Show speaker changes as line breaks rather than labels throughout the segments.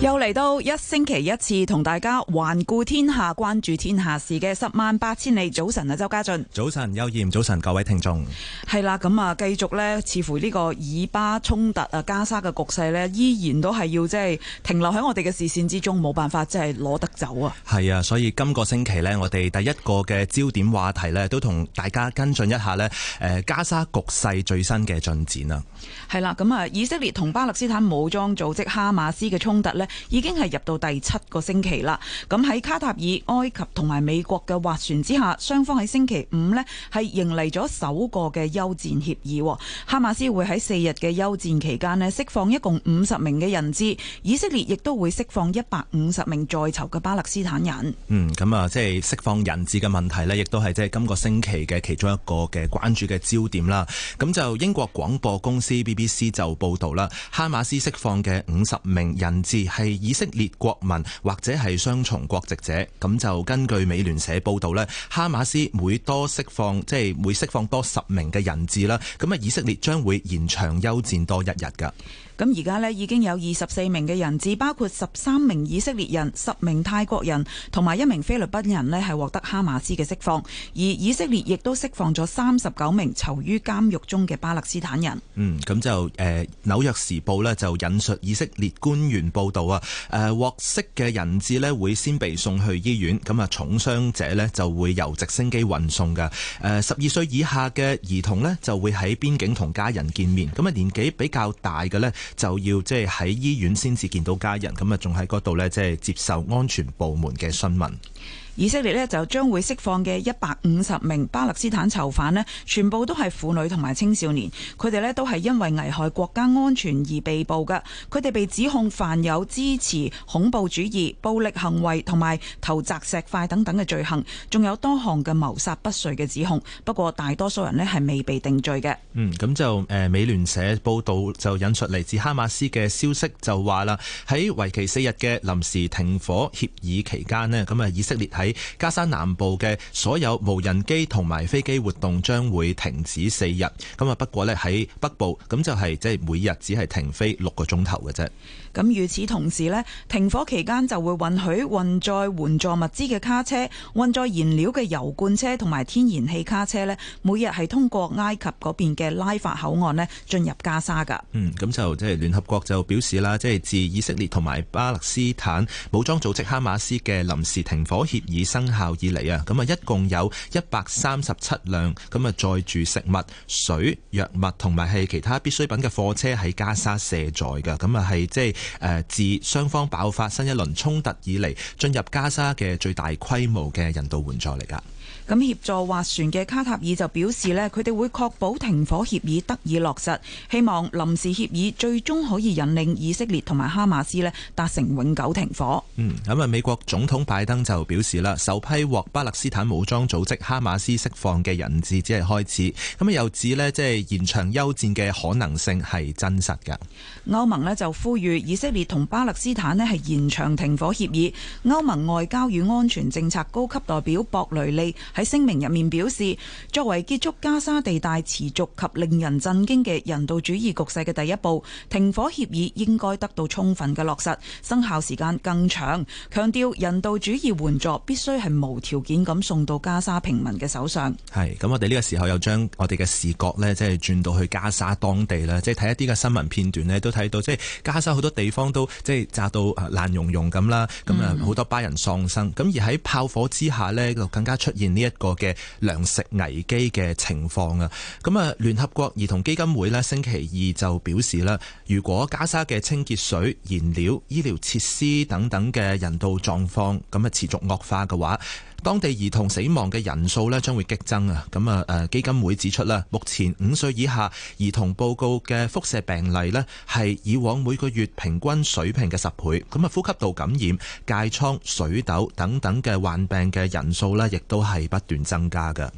又嚟到一星期一次同大家環顧天下、關注天下事嘅十萬八千里，早晨啊，周家俊。
早晨，邱艷，早晨，各位聽眾。
係啦，咁啊，繼續呢，似乎呢個以巴衝突啊，加沙嘅局勢呢，依然都係要即係、就是、停留喺我哋嘅視線之中，冇辦法即係攞得走啊。
係啊，所以今個星期呢，我哋第一個嘅焦點話題呢，都同大家跟進一下呢。誒，加沙局勢最新嘅進展啊，
係啦，咁啊，以色列同巴勒斯坦武裝組織哈馬斯嘅衝突呢。已經係入到第七個星期啦。咁喺卡塔爾、埃及同埋美國嘅斡旋之下，雙方喺星期五呢係迎嚟咗首個嘅休戰協議。哈馬斯會喺四日嘅休戰期間呢釋放一共五十名嘅人質，以色列亦都會釋放一百五十名在囚嘅巴勒斯坦人。
嗯、咁、嗯、啊，即係釋放人質嘅問題呢，亦都係即係今個星期嘅其中一個嘅關注嘅焦點啦。咁就英國廣播公司 BBC 就報道啦，哈馬斯釋放嘅五十名人質，係以色列國民或者係雙重國籍者，咁就根據美聯社報道呢，哈馬斯每多釋放即係每釋放多十名嘅人質啦，咁啊以色列將會延長休戰多一日㗎。
咁而家呢，已經有二十四名嘅人質，包括十三名以色列人、十名泰國人同埋一名菲律賓人呢係獲得哈馬斯嘅釋放。而以色列亦都釋放咗三十九名囚於監獄中嘅巴勒斯坦人。嗯，
咁就誒、呃《紐約時報》呢就引述以色列官員報道啊，誒、呃、獲釋嘅人質呢會先被送去醫院，咁啊重傷者呢就會由直升機運送嘅。誒十二歲以下嘅兒童呢就會喺邊境同家人見面，咁啊年紀比較大嘅呢，就要即係喺醫院先至見到家人，
咁啊仲喺嗰
度呢，即係接受安全部門嘅詢問。
以色列呢就將會釋放嘅一百五十名巴勒斯坦囚犯呢全部都係婦女同埋青少年，佢哋呢都係因為危害國家安全而被捕嘅。佢哋被指控犯有支持恐怖主義、暴力行為同埋投擲石塊等等嘅罪行，仲有多項嘅謀殺不遂嘅指控。不過大多數人呢係未被定罪嘅。嗯，
咁就美聯社報道就引出嚟自哈馬斯嘅消息就，就話啦喺為期四日嘅臨時停火協議期間呢，咁啊以色列喺加沙南部嘅所有無人機同埋飛機活動將會停止四日，咁啊不過咧喺北部，咁就係
即係每日只係停飛六個鐘頭嘅啫。咁，與此同時呢，停火期間就會允許運載援助物資嘅卡車、運載燃料嘅油罐車同埋天然氣卡車呢，每日係通過埃及嗰邊嘅拉法口岸呢進入加沙㗎。嗯，
咁就即係聯合國就表示啦，即係自以色列同埋巴勒斯坦武裝組織哈馬斯嘅臨時停火協議生效以嚟啊，咁啊一共有一百三十七輛咁啊載住食物、水、藥物同埋係其他必需品嘅貨車喺加沙卸載㗎。咁啊係即係。誒，自雙方爆發新一輪衝突以來，進入加沙嘅最大規模嘅人道援助嚟
㗎。咁協助斡旋嘅卡塔爾就表示呢，佢哋會確保停火協議得以落實，希望臨時協議最終可以引領以色列同埋哈馬斯呢達成永久停火。嗯，
咁啊，美國總統拜登就表示啦，首批獲巴勒斯坦武裝組織哈馬斯釋放嘅人質只係開始，咁又指呢即係延長休戰嘅可能性係真實嘅。
歐盟呢就呼籲以色列同巴勒斯坦係延長停火協議。歐盟外交與安全政策高級代表博雷利。喺聲明入面表示，作為結束加沙地帶持續及令人震驚嘅人道主義局勢嘅第一步，停火協議應該得到充分嘅落實，生效時間更長。強調人道主義援助必須係無條件咁送到加沙平民嘅手上。
係咁，我哋呢個時候又將我哋嘅視角呢，即係轉到去加沙當地啦，即係睇一啲嘅新聞片段呢，都睇到即係加沙好多地方都即係炸到爛融融咁啦，咁啊好多巴人喪生。咁、嗯、而喺炮火之下呢，就更加出現呢一個嘅糧食危機嘅情況啊，咁啊，聯合國兒童基金會呢星期二就表示啦，如果加沙嘅清潔水、燃料、醫療設施等等嘅人道狀況咁啊持續惡化嘅話，當地兒童死亡嘅人數咧將會激增啊！咁啊誒基金會指出啦，目前五歲以下兒童報告嘅輻射病例咧係以往每個月平均水平嘅十倍。咁啊，呼吸道感染、疥瘡、水痘等等嘅患病嘅人數咧，亦都係不斷增加嘅。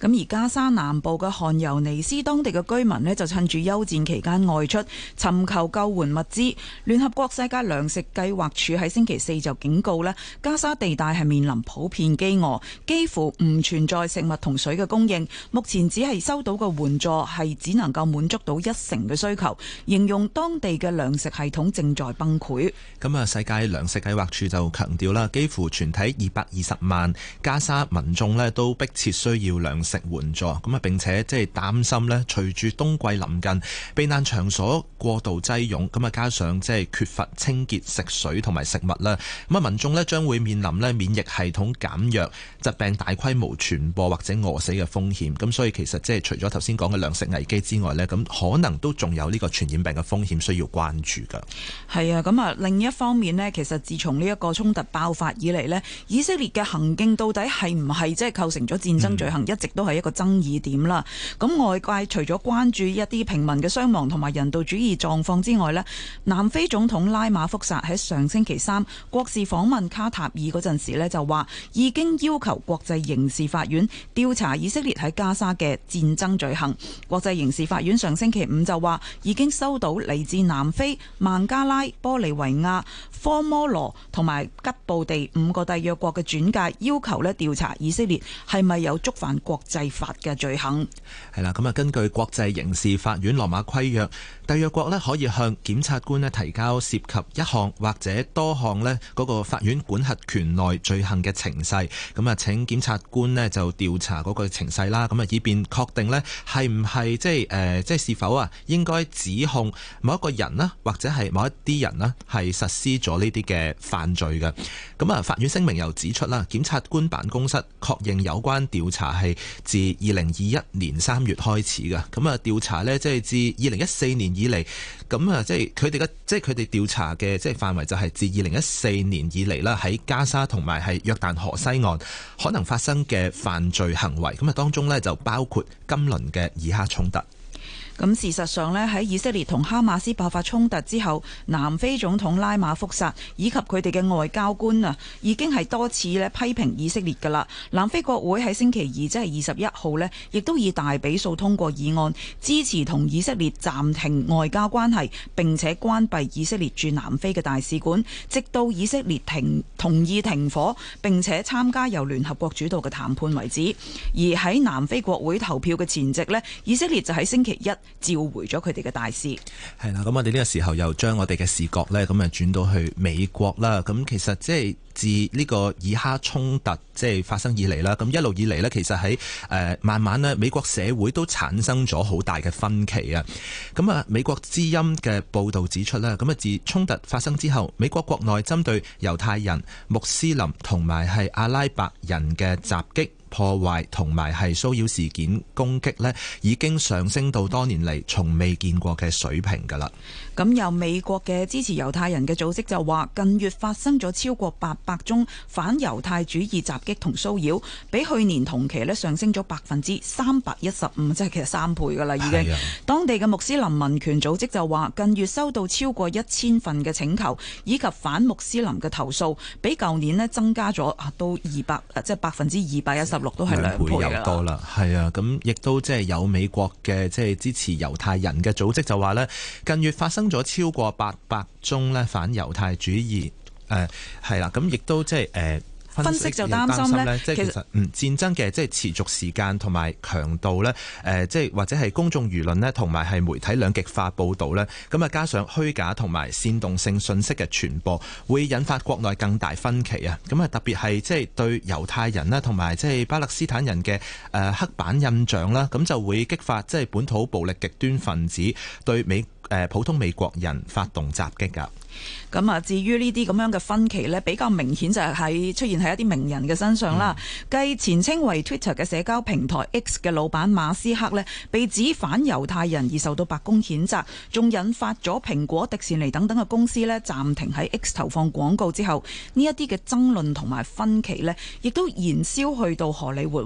咁而加沙南部嘅汗尤尼斯當地嘅居民呢就趁住休戰期間外出尋求救援物資。聯合國世界糧食計劃署喺星期四就警告咧，加沙地帶係面臨普遍飢餓，幾乎唔存在食物同水嘅供應。目前只係收到嘅援助係只能夠滿足到一成嘅需求，形容當地嘅糧食系統正在崩潰。咁啊，
世界糧食計劃署就強調啦，幾乎全體二百二十萬加沙民眾呢都迫切需要糧食。食援助。咁啊，並且即係擔心咧，隨住冬季臨近，避難場所過度擠擁，咁啊，加上即係缺乏清潔食水同埋食物啦，咁啊，民眾咧將會面臨咧免疫系統減弱、疾病大規模傳播或者餓死嘅風險，咁所以其實即係除咗頭先講嘅糧食危機之外咧，咁可能都仲有呢個傳染病嘅風險需要關注噶。
係啊，咁啊另一方面咧，其實自從呢一個衝突爆發以嚟咧，以色列嘅行徑到底係唔係即係構成咗戰爭罪行，一直。嗯。都係一個爭議點啦。咁外界除咗關注一啲平民嘅傷亡同埋人道主義狀況之外呢，南非總統拉馬福薩喺上星期三國事訪問卡塔爾嗰陣時呢，就話已經要求國際刑事法院調查以色列喺加沙嘅戰爭罪行。國際刑事法院上星期五就話已經收到嚟自南非、孟加拉、玻利維亞、科摩羅同埋吉布地五個締約國嘅轉介要求咧，調查以色列係咪有觸犯國制法嘅罪行
係啦，咁啊，根據國際刑事法院羅馬規約，締約國呢可以向檢察官呢提交涉及一項或者多項呢嗰個法院管轄權內罪行嘅情勢，咁啊請檢察官呢就調查嗰個情勢啦，咁啊以便確定呢係唔係即係誒即係是否啊應該指控某一個人啦，或者係某一啲人啦係實施咗呢啲嘅犯罪嘅。咁啊，法院聲明又指出啦，檢察官辦公室確認有關調查係。自二零二一年三月開始嘅，咁啊調查呢，即係自二零一四年以嚟，咁啊即係佢哋嘅，即係佢哋調查嘅，即係範圍就係自二零一四年以嚟啦，喺加沙同埋係約旦河西岸可能發生嘅犯罪行為，咁啊當中呢，就包括今輪嘅以哈衝突。
咁事實上呢，喺以色列同哈馬斯爆發衝突之後，南非總統拉馬福薩以及佢哋嘅外交官啊，已經係多次呢批評以色列㗎啦。南非國會喺星期二，即係二十一號呢，亦都以大比數通過議案，支持同以色列暫停外交關係，並且關閉以色列駐南非嘅大使館，直到以色列停，同意停火，並且參加由聯合國主導嘅談判為止。而喺南非國會投票嘅前夕呢，以色列就喺星期一，召回咗佢哋嘅大使
係啦，咁我哋呢個時候又將我哋嘅視角呢，咁啊轉到去美國啦。咁其實即係自呢個以哈衝突即係發生以嚟啦，咁一路以嚟呢，其實喺、呃、慢慢呢，美國社會都產生咗好大嘅分歧啊。咁啊，美國之音嘅報導指出啦。咁啊自衝突發生之後，美國國內針對猶太人、穆斯林同埋係阿拉伯人嘅襲擊、破壞同埋係騷擾事件攻擊呢，已經上升到多年嚟從
未見過嘅水平㗎啦。咁由美國嘅支持猶太人嘅組織就話近月發生咗超過八百宗反猶太主義襲擊同騷擾，比去年同期咧上升咗百分之三百一十五，即係其實三倍噶啦已經、啊、當地嘅穆斯林民權組織就話近月收到超過一千份嘅請求以及反穆斯林嘅投訴，比舊年咧增加咗啊到二百，即係百分之二百一十六，都係兩倍，倍有多
啦，係啊，咁亦都即係有美國嘅即係支持猶太人嘅組織就話咧，近月發生。咗超過八百宗咧反猶太主義，誒係啦，咁亦都即係誒。分析就擔心咧，即係其實，其實嗯戰爭嘅即係持續時間同埋強度咧，誒即係或者係公眾輿論咧，同埋係媒體兩極化報道咧，咁啊加上虛假同埋煽動性信息嘅傳播，會引發國內更大分歧啊！咁啊特別係即係對猶太人啦，同埋即係巴勒斯坦人嘅誒黑板印象啦，咁就會激發即係本土暴力極端分子對美誒普通美國人發動襲擊㗎。咁
啊至於呢啲咁樣嘅分歧咧，比較明顯就係出現喺。一啲名人嘅身上啦，繼前稱為 Twitter 嘅社交平台 X 嘅老闆馬斯克呢，被指反猶太人而受到白宮譴責，仲引發咗蘋果、迪士尼等等嘅公司呢暫停喺 X 投放廣告之後，呢一啲嘅爭論同埋分歧呢，亦都燃燒去到荷里活。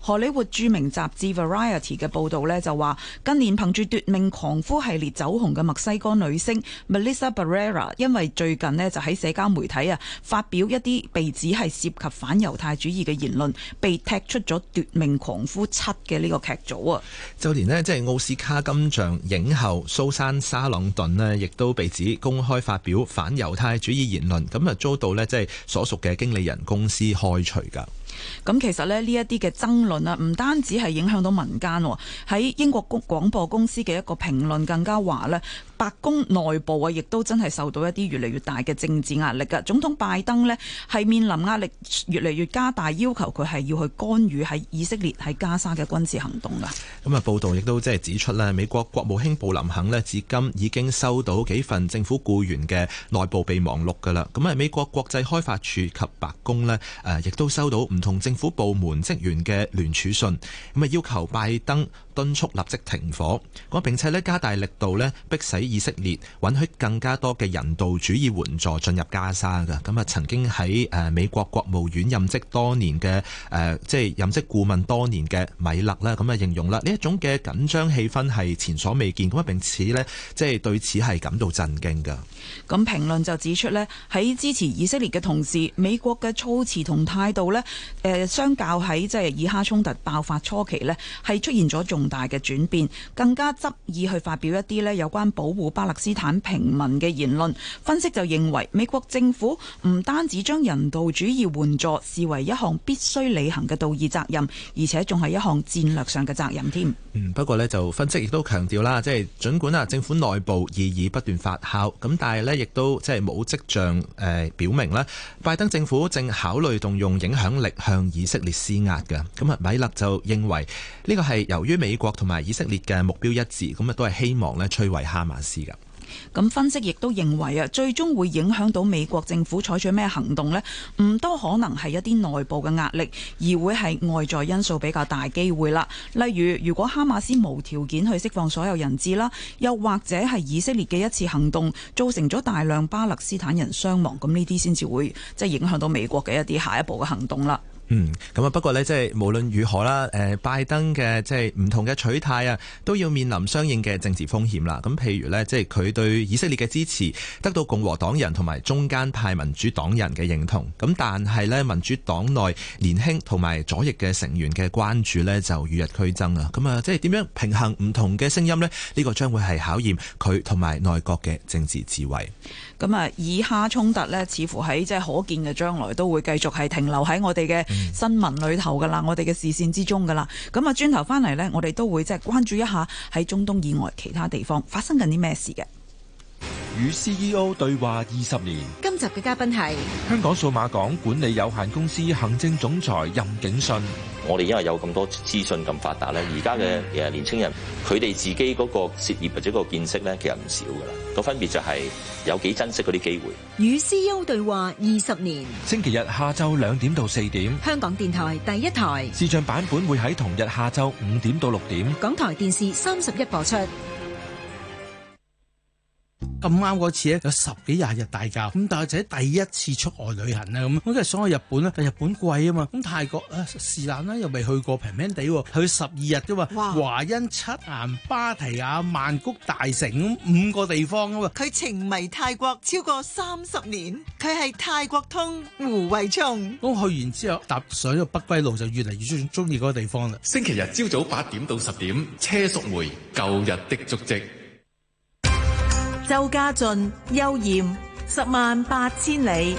荷里活著名雜誌 Variety 嘅報道呢，就話，近年憑住《奪命狂夫》系列走紅嘅墨西哥女星 Melissa Barrera，因為最近呢，就喺社交媒體啊發表一啲被指係。涉及反猶太主義嘅言論，被踢出咗《奪命狂夫七》嘅呢個劇組啊！就連呢，即係奧斯卡金像
影后蘇珊沙朗頓呢，亦都被指公開發表反猶太主義言論，咁啊遭到呢即係所屬嘅經理人公司開除㗎。
咁其實呢，呢一啲嘅爭論啊，唔單止係影響到民間喎，喺英國廣播公司嘅一個評論更加話呢。白宮內部啊，亦都真係受到一啲越嚟越大嘅政治壓力噶。總統拜登咧，係面臨壓力越嚟越加大，要求佢係要去干預喺以色列喺加沙嘅軍事行動噶。
咁啊，報道亦都即係指出咧，美國國務卿布林肯咧，至今已經收到幾份政府僱員嘅內部備忘錄噶啦。咁啊，美國國際開發署及白宮咧，誒亦都收到唔同政府部門職員嘅聯署信，咁啊要求拜登。敦促立即停火，咁並且咧加大力度咧逼使以色列允許更加多嘅人道主義援助進入加沙嘅。咁啊，曾經喺誒美國國務院任職多年嘅誒，即係任職顧問多年嘅米勒啦，咁啊形容啦，呢一種嘅緊張氣氛係前所未見。咁
啊，並且咧即係對此係感到震驚嘅。咁評論就指出咧，喺支持以色列嘅同時，美國嘅措辭同態度咧，誒、呃、相較喺即係以哈衝突爆發初期咧，係出現咗重。大嘅轉變，更加執意去發表一啲咧有關保護巴勒斯坦平民嘅言論。分析就認為，美國政府唔單止將人道主義援助視為一項必須履行嘅道義責任，而且仲係一項戰略上嘅責任添。
嗯，不過咧就分析亦都強調啦，即係盡管啊政府內部異議不斷發酵，咁但係咧亦都即係冇跡象誒表明啦，拜登政府正考慮動用影響力向以色列施壓嘅。咁啊，米勒就認為呢個係由於美。國同埋以色列嘅目標一致，咁啊都係希望咧摧毀哈馬斯噶。
咁分析亦都認為啊，最終會影響到美國政府採取咩行動呢？唔多可能係一啲內部嘅壓力，而會係外在因素比較大機會啦。例如，如果哈馬斯無條件去釋放所有人質啦，又或者係以色列嘅一次行動造成咗大量巴勒斯坦人傷亡，咁呢啲先至會即係影響到美國嘅一啲下一步嘅行動啦。嗯，
咁啊，不過呢，即係無論如何啦，誒，拜登嘅即係唔同嘅取態啊，都要面臨相應嘅政治風險啦。咁譬如呢，即係佢對以色列嘅支持，得到共和黨人同埋中間派民主黨人嘅認同。咁但係呢，民主黨內年輕同埋左翼嘅成員嘅關注呢，就與日俱增啊。咁啊，即係點樣平衡唔同嘅聲音呢？呢個將會係考驗佢同埋內閣嘅政治智慧。
咁啊，以哈衝突咧，似乎喺即係可見嘅將來都會繼續係停留喺我哋嘅新聞裏頭㗎喇。嗯，我哋嘅視線之中㗎喇。咁啊，轉頭返嚟咧，我哋都會即係關注一下喺中東以外其他地方發生緊啲咩事嘅。
與 CEO 對話二十年，
今集嘅嘉賓係
香港數碼港管理有限公司行政總裁任景信。我哋因為有咁多資訊咁發達咧，而家嘅誒年青人，佢哋自己嗰個事業或者個見識咧，其實唔少噶啦。個分別就係有幾珍惜嗰啲機會。
與 CEO 對話二十年，
星期日下晝兩點到四點，
香港電台第一台視
像版本會喺同日下晝五點到六點，
港台電視三十一播出。
咁啱嗰次咧，有十幾廿日大假，咁大個仔第一次出外旅行，咁佢係想去日本啦，日本貴啊嘛，咁泰國啊是但啦，又未去過平平地，去十二日啫嘛，華欣、七岩、芭提雅、曼谷、大城咁五個地方啊嘛，佢情迷泰國超過三十年，佢係泰國通胡慧沖，咁去完之後踏上咗不歸路，就越嚟越中意嗰個地方啦。星期日朝早八點到十點，車淑梅，舊日的足跡。
周家俊、悠艷，十萬八千里。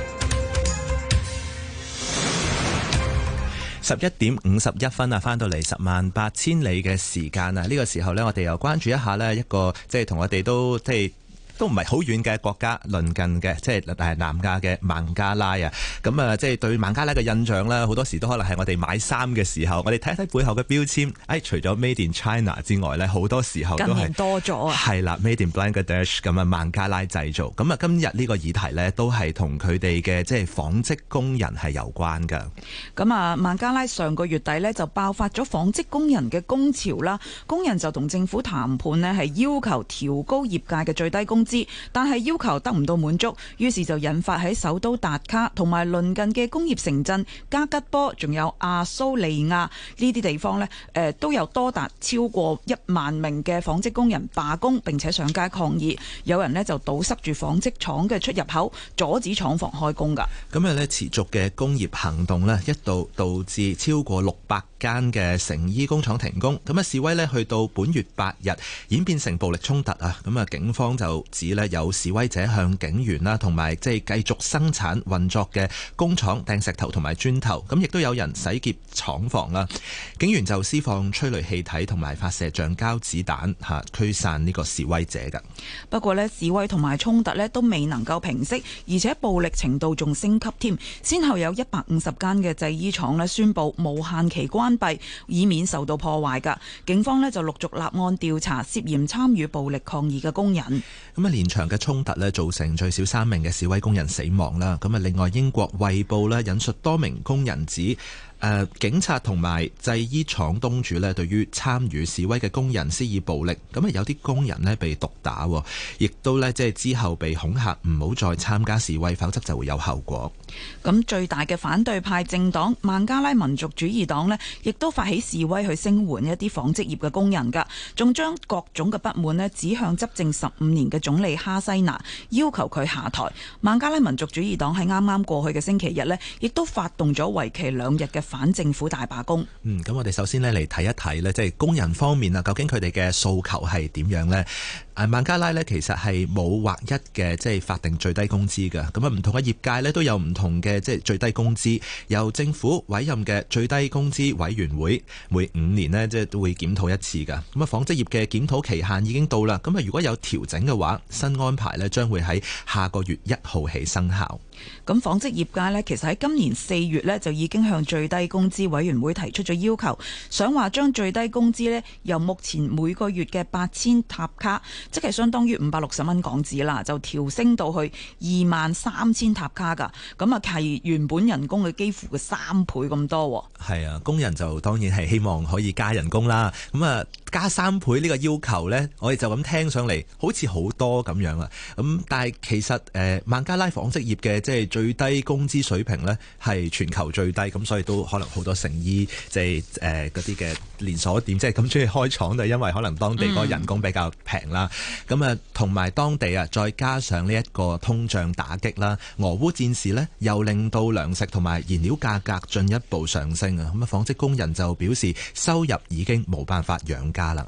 十一點五十一分啊，翻到嚟十萬八千里嘅時間啊，呢個時候呢，我哋又關注一下呢一個即係同我哋都即係。都唔係好遠嘅國家，鄰近嘅即係南亞嘅孟加拉啊，咁啊，即係對孟加拉嘅印象咧，好多時都可能係我哋買衫嘅時候，我哋睇睇背後嘅標籤，誒，除咗 Made in China 之外咧，好多時候都係今年多咗係啦，Made in Bangladesh 咁啊，孟加拉製造。咁啊，今日呢個議題咧，都係同佢
哋嘅即係紡織工人係有關噶，咁啊，孟加拉上個月底咧就爆發咗紡織工人嘅工潮啦，工人就同政府談判咧，係要求調高業界嘅最低工。但係要求得唔到滿足，於是就引發喺首都達卡同埋鄰近嘅工業城鎮加吉波，仲有亞蘇利亞呢啲地方呢，都有多達超過一萬名嘅紡織工人罷工並且上街抗議，有人呢就堵塞住紡織廠嘅出入口，阻止廠房開工㗎。
咁啊呢持續嘅工業行動呢，一度導致超過六百間嘅成衣工廠停工。咁啊示威呢，去到本月八日演變成暴力衝突啊！咁啊警方就指有示威者向警員啦，同埋即係繼續生產運作嘅工廠掟石頭同埋磚頭，咁亦都有人洗劫廠房啦。警員就施放催淚氣體同埋發射橡膠子彈吓驅散呢個示
威者嘅。不過，示威同埋衝突都未能夠平息，而且暴力程度仲升級添。先後有一百五十間嘅製衣廠宣布無限期關閉，以免受到破壞噶。警方就陸續立案調查涉嫌參與暴力抗議嘅工人。
連場嘅衝突咧，造成最少三名嘅示威工人死亡啦。咁啊，另外英國衛報咧引述多名工人指，誒，警察同埋製衣廠東主呢對於參與示威嘅工人施以暴力，咁啊，有啲工人呢被毒打，亦都呢即係之後被恐嚇，唔好再參加示威，否則就會有
後果。咁最大嘅反對派政黨孟加拉民族主義黨呢亦都發起示威去聲援一啲紡織業嘅工人㗎，仲將各種嘅不滿呢指向執政十五年嘅總理哈西娜，要求佢下台。孟加拉民族主義黨喺啱啱過去嘅星期日呢亦都發動咗為期兩日嘅反政府大罷工。嗯，
咁我哋首先呢嚟睇一睇呢即係工人方面啊，究竟佢哋嘅訴求係點樣呢？誒，孟加拉呢其實係冇劃一嘅，即係法定最低工資㗎。咁啊，唔同嘅業界呢都有唔同嘅，即係最低工資由政府委任嘅最低工資委員會每五年呢即係都會檢討一次㗎。咁啊，紡織業嘅檢討期限已經到啦。咁啊，
如果有調整嘅話，新安排呢將會喺下個月一號起生效。咁紡織業界呢，其實喺今年四月呢，就已經向最低工資委員會提出咗要求，想話將最低工資呢，由目前每個月嘅八千塔卡，即係相當於五百六十蚊港紙啦，就調升到去二萬三千塔卡㗎。咁啊，係原本人工嘅幾乎嘅三倍咁多。
係啊，工人就當然係希望可以加人工啦。咁啊。加三倍呢個要求咧，我哋就咁聽上嚟好似好多咁樣啦。咁但係其實誒孟加拉紡織業嘅即係最低工資水平咧係全球最低，咁所以都可能好多成衣即係誒嗰啲嘅連鎖店即係咁中意開廠就係因為可能當地嗰個人工比較平啦。咁、嗯、啊，同埋當地啊，再加上呢一個通脹打擊啦，俄烏戰事咧又令到糧食同埋燃料價格進一步上升啊。咁啊，紡織工人就表示收
入已經冇辦法養啦，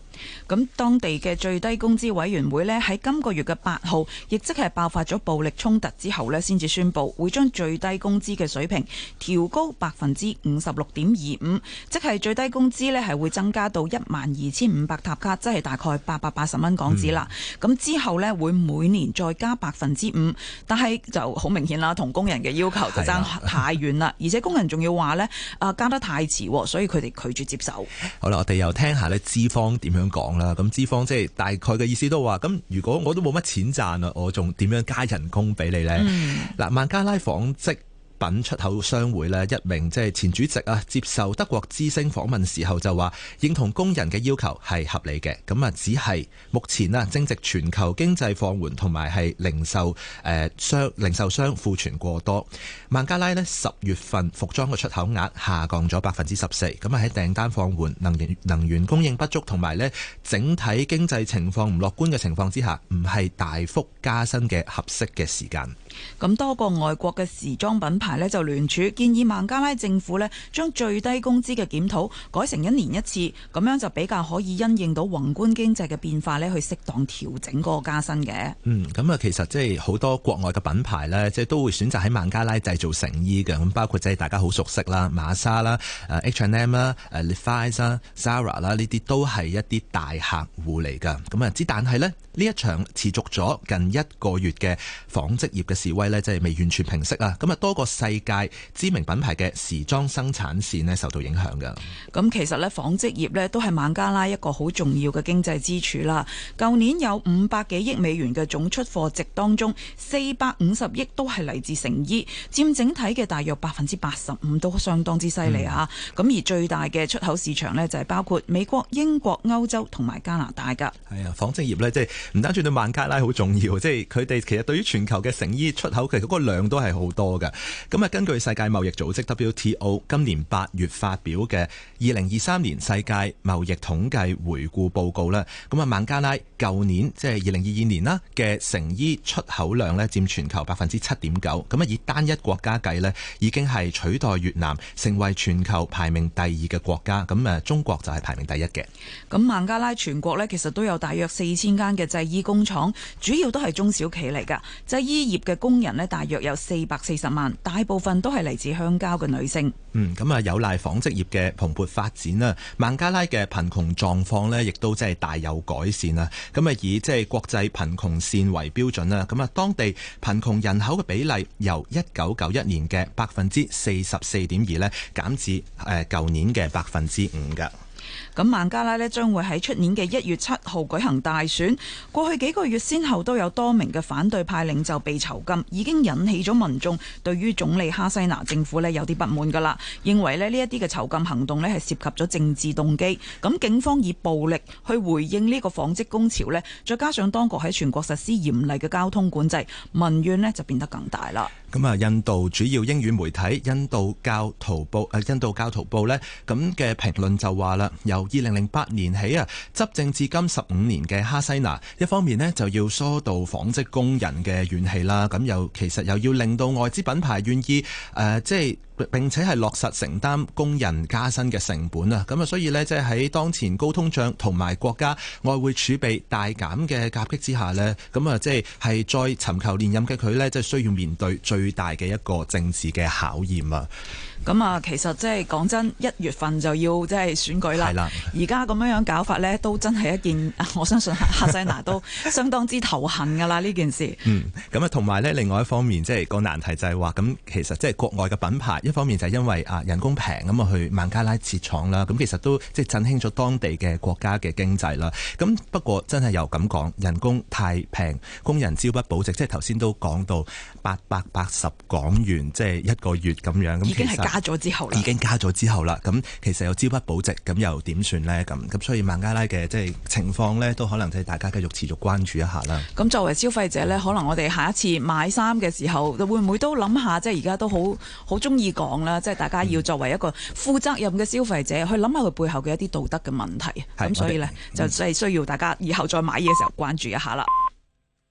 咁當地嘅最低工資委員會咧，喺今個月嘅八號，亦即係爆發咗暴力衝突之後咧，先至宣布會將最低工資嘅水平調高百分之五十六點二五，即係最低工資咧係會增加到一萬二千五百塔卡，即係大概八百八十蚊港紙啦。咁、嗯、之後咧會每年再加百分之五，但係就好明顯啦，同工人嘅要求就差太遠啦，啊、而且工人仲要話呢，啊，加得太遲，所以佢哋拒絕接受。
好啦，我哋又聽下呢。資方。方點樣講啦？咁資方即係大概嘅意思都話，咁如果我都冇乜錢賺啊，我仲點樣加人工俾你咧？嗱、嗯，孟加拉紡織。品出口商會呢一名即係前主席啊，接受德國之聲訪問時候就話認同工人嘅要求係合理嘅，咁啊只係目前啊正值全球經濟放緩同埋係零售誒商零售商庫存過多。孟加拉呢十月份服裝嘅出口額下降咗百分之十四，咁啊喺訂單放緩、能源能源供應不足同埋呢整體經濟情況唔樂觀嘅情
況之下，唔係大幅加薪嘅合適嘅時間。咁多個外國嘅時裝品牌咧就聯署建議孟加拉政府呢將最低工資嘅檢討改成一年一次，咁樣就比較可以因應到宏觀經濟嘅變化呢去適當調整嗰個加薪嘅。嗯，
咁啊，其實即係好多國外嘅品牌呢即係都會選擇喺孟加拉製造成衣嘅。咁包括即係大家好熟悉啦，馬莎啦、H&M 啦、Levi’s 啦、Zara 啦，呢啲都係一啲大客戶嚟㗎。咁啊，之但係呢，呢一場持續咗近一個月嘅紡織業嘅事。威呢，就係未完全平息啊！
咁啊，多個世界知名品牌嘅時裝生產線咧，受到影響噶咁其實咧，紡織業咧，都係孟加拉一個好重要嘅經濟支柱啦。舊年有五百幾億美元嘅總出貨值，當中四百五十億都係嚟自成衣，佔整體嘅大約百分之八十五，都相當之犀利啊！咁而最大嘅出口市場咧，就係包括美國、英國、歐洲同埋加拿大噶。
係啊，紡織業咧，即係唔單止對孟加拉好重要，即係佢哋其實對於全球嘅成衣。出口佢嗰個量都係好多㗎，咁啊，根據世界貿易組織 WTO 今年八月發表嘅二零二三年世界貿易統計回顧報告咧，咁啊，孟加拉舊年即係二零二二年啦嘅成衣出口量呢，佔全球百分之七點九，咁啊，以單一國家計呢，已經係取代越南成為全球排名第二嘅國家，
咁啊，中國就係排名第一嘅。咁孟加拉全國呢，其實都有大約四千間嘅製衣工廠，主要都係中小企嚟噶，製衣業嘅。工人呢，大約有四百四十萬，大部分都係嚟自鄉郊嘅女性。
嗯，咁啊，有賴紡織業嘅蓬勃發展啦，孟加拉嘅貧窮狀況呢，亦都真係大有改善啦。咁啊，以即係國際貧窮線為標準啦，咁啊，當地貧窮人口嘅比例由一九九一年嘅百分之四十四點二呢，減至誒舊年嘅百分之
五㗎。咁孟加拉呢，將會喺出年嘅一月七號舉行大選。過去幾個月先後都有多名嘅反對派領袖被囚禁，已經引起咗民眾對於總理哈西娜政府呢，有啲不滿噶啦，認為呢一啲嘅囚禁行動呢係涉及咗政治動機。咁警方以暴力去回應呢個紡織工潮呢，再加上當局喺全國實施嚴厲嘅交通管制，民怨呢就變得更大啦。
咁啊，印度主要英語媒體《印度教徒報》呃、《印度教徒報》呢，呢咁嘅評論就話啦，由二零零八年起啊執政至今十五年嘅哈西娜，一方面呢就要疏導紡織工人嘅怨氣啦，咁又其實又要令到外資品牌願意誒、呃，即係。並且係落實承擔工人加薪嘅成本啊！咁啊，所以呢，即係喺當前高通脹同埋國家外匯儲備大減嘅夾擊之下呢，咁啊，即係係再尋求連任嘅佢呢，即係需要面對最大嘅一個
政治嘅考驗啊！咁啊，其實即係講真，一月份就要即係選舉啦，而家咁樣樣搞法呢，都真係一件，我相信哈西娜都相當之頭痕噶啦呢件事。
嗯，咁啊，同埋呢另外一方面，即係個難題就係、是、話，咁其實即係國外嘅品牌。方面就係、是、因為啊人工平，咁啊去孟加拉設廠啦，咁其實都即係振興咗當地嘅國家嘅經濟啦。咁不過真係又咁講人工太平，工人朝不保夕，即係頭先都講到八百八十港元即係一個月咁樣，已經係加咗之後啦，已經加咗之後啦。咁其實又朝不保夕，咁又點算咧？咁咁所以孟加拉嘅即係情況咧，都可能即係大家繼續持續關注一下啦。
咁作為消費者咧，可能我哋下一次買衫嘅時候，會唔會都諗下即係而家都好好中意？講啦，即係大家要作為一個負責任嘅消費者，去諗下佢背後嘅一啲道德嘅問題。咁所以呢，嗯、就係需要大家以後再買嘢嘅時候關注一下啦。